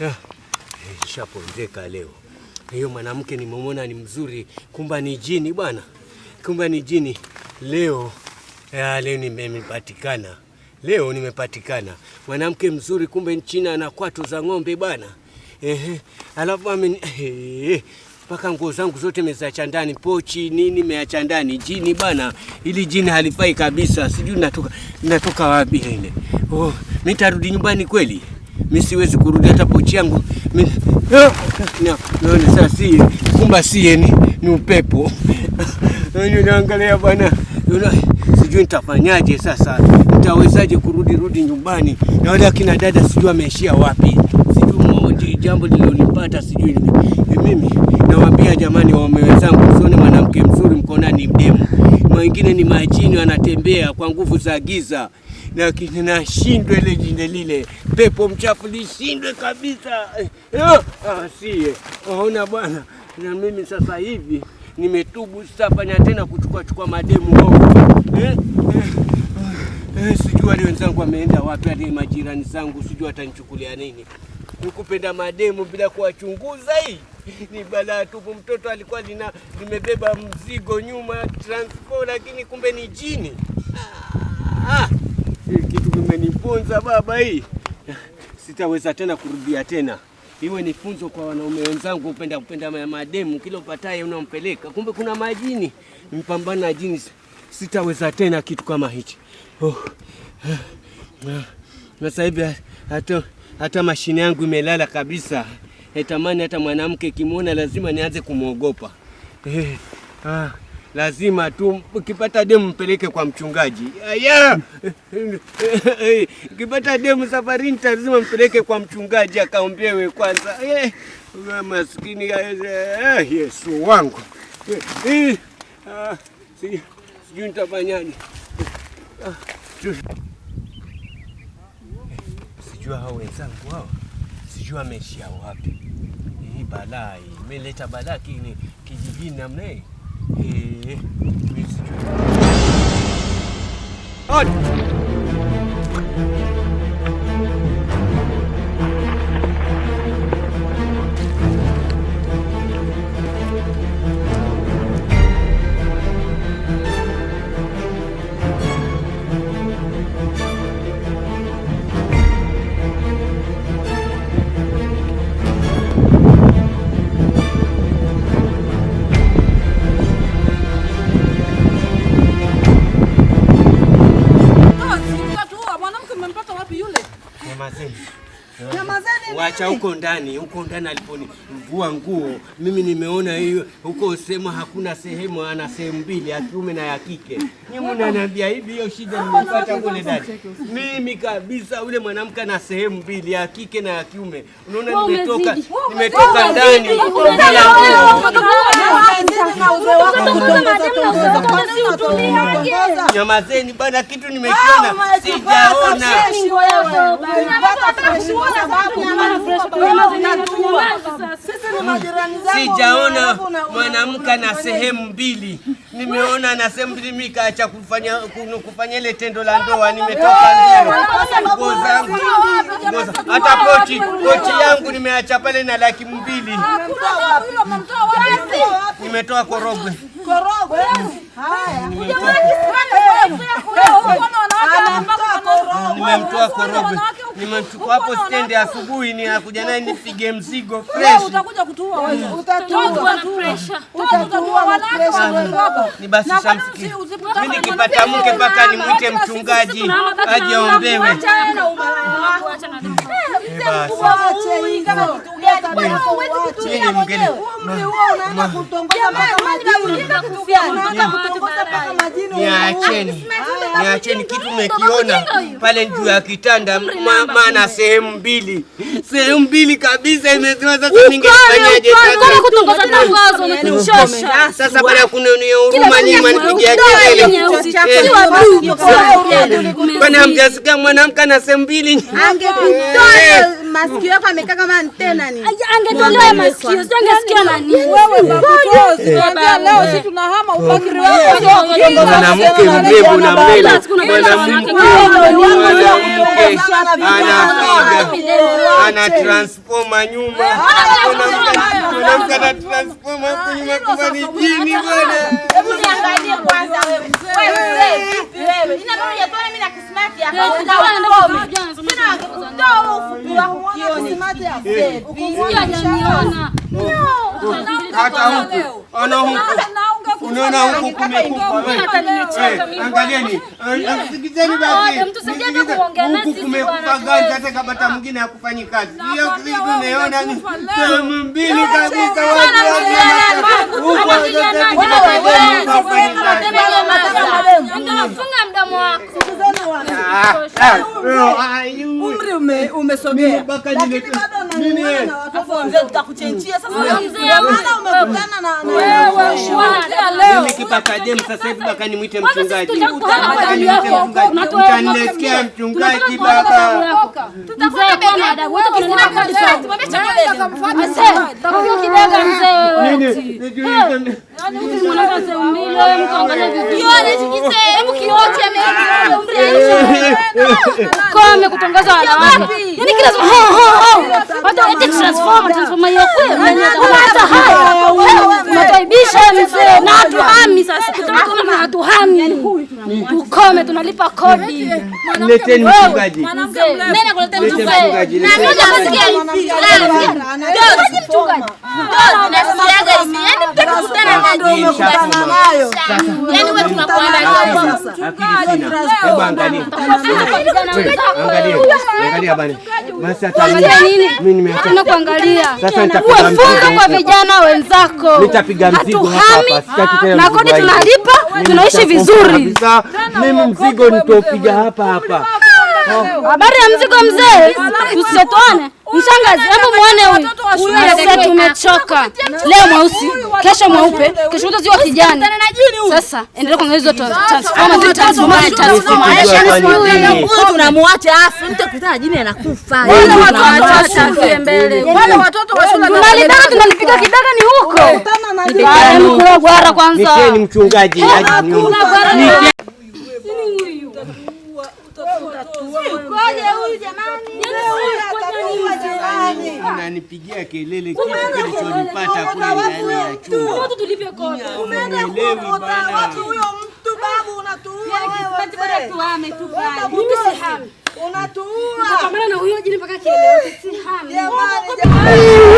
Eh, Nishaponzeka leo. Hiyo mwanamke nimemwona ni mzuri, kumba ni jini bwana, kumba ni jini. Leo ya, leo nimepatikana, leo nimepatikana mwanamke mzuri, kumbe nchina na kwato za ng'ombe bwana. Ehe, alafu eh, mpaka nguo zangu zote mezacha ndani, pochi nini meacha ndani. Jini bana, ili jini halifai kabisa, sijui natoka natoka wapi ile. Oh, mimi tarudi nyumbani kweli? Mimi siwezi kurudi hata pochi yangu mimi. no, sasa si kumba, si ni, ni upepo naangalia bana, Una, sijui nitafanyaje sasa, nitawezaje kurudi rudi nyumbani, na wale akina dada sijui ameishia wapi, sijui mmoja jambo lilonipata, sijui mimi Nawaambia jamani, waume wenzangu, usione mwanamke mzuri mkona ni mdemu, mwingine ni majini, anatembea kwa nguvu za giza na kinashindwe ile jinde lile, pepo mchafu lishindwe kabisa. Eh, eh, ah, Sie waona bwana, na mimi sasa hivi nimetubu, sitafanya tena kuchukua chukua mademu ao eh, eh? Eh, sijui wale wenzangu wameenda wapi, wale majirani zangu sijui watanichukulia nini, nikupenda mademu bila kuwachunguza hii ni balaa tupu. Mtoto alikuwa lina limebeba mzigo nyuma transport, lakini kumbe ni jini. Ah, ah, hii kitu kimenifunza baba, hii sitaweza tena kurudia tena. Iwe ni funzo kwa wanaume wenzangu, upenda kupenda mademu, kila upataye unampeleka, kumbe kuna majini. Mpambana na jini, sitaweza tena kitu kama hichi. Oh. Ah, ah. Sasa hivi hata mashine yangu imelala kabisa. Natamani hata mwanamke kimwona lazima nianze kumwogopa. Eh, ah, lazima tu ukipata demu mpeleke kwa mchungaji. Aya! Eh, ukipata demu safarini lazima mpeleke kwa mchungaji akaombewe kwanza. Eh, maskini eh, eh, Yesu wangu. Eh, ah, sijui nitafanyaje. Ah, sijua eh, hao wenzangu hao sijui ameishia wapi. Hii balaa imeleta balaa kini kijijini namna hii. acha huko ndani, huko ndani aliponivua nguo mimi nimeona hiyo huko sema, hakuna sehemu, ana sehemu mbili ya kiume na ya kike. Nyinyi mnaniambia hivi, hiyo shida nimepata kule ndani mimi kabisa. Ule mwanamke ana sehemu mbili ya kike na ya kiume. Unaona, nimetoka nimetoka ndani Nyamazeni bana, kitu nimekiona sijaona. Sijaona mwanamke na sehemu mbili, nimeona na sehemu mbili, mikaacha kufanya kufanya ile tendo la ndoa. Nimetoka nguo zangu, hata pochi pochi yangu nimeacha pale na laki mbili nimetoa Korogwe. Nimemtoa korobe, nimemchukua hapo stendi asubuhi, ni akuja naye nipige mzigo fresh. Ni basi shamsikia mimi, nikipata mke mpaka nimwite mchungaji aje aombewe. Niacheni kitu yaani mekiona pale juu ya kitanda, maana sehemu mbili, sehemu mbili kabisa imeziwa. Sasa ningefanyaje? Ah, sasa baada ya kunionia huruma nyinyi mnipigia kelele, eh. kwani hamjasikia mwanamke ana sehemu mbili? Angekutoa masikio yako amekaa kama antena hmm. ni. Angetolewa masikio, sio angesikia nani? Wewe baba, leo sisi tunahama ufakiri wako. Mwanamke mbebu na mlela. Mwanamke anapiga ana transforma nyuma, mwanamke ana transforma huko nyuma, kwa ni jini bwana. Hebu niangalie kwanza wewe, wewe Ina maana ya bwana, mimi na kismati hapa, ndio ufupi wa huoni kismati hapa, ukimwona ananiona, hata huko ana huko unaona huku kumekufa. Angalieni, eh, eh, sikizeni basi, huku kumekufa ganja, Hata kabata mwingine hakufanyi kazi. Hiyo kitu umeona ni mbili kabisa, unafunga mdomo wako. Ah, ah, ah, Umri umesogea. Mimi utakuchenjia sasa. Wewe umekutana na mimi kipata jemu sasa hivi mpaka nimwite mchungaji. Mtanilekea mchungaji baba tunataibisha mzee na hatuhami sasa, kutoka hatuhami, yaani yaani tukome, tunalipa kodi. Leteni mchungaji mchungaji Tunakuangalia. Uwe funzo kwa vijana wenzako. Nitapiga mzigo hapa. Na kodi tunalipa, tunaishi vizuri. Mimi mzigo nitaupiga hapa hapa. Habari ya mzigo mzee, Tusitoane. Mshangazi, hebu muone huyu huyu, tumechoka leo mweusi, kesho mweupe, kesho ziwa kijani. Sasa endelea kuangalia hizo transformer, tunamwacha afu mtu akutana jini anakufa. Tunalidana tunalipiga kidada ni huko. Mkula gwara kwanza. Ni mchungaji. Eh, Ukoje huyu jamani? Yaani yaani ah. Unanipigia kelele kilichonipata kule ndani ya chumba. Huyo mtu babu unatuua yaani wewe. Unatuua. Unapambana na huyo jini mpaka kelele. Si hami.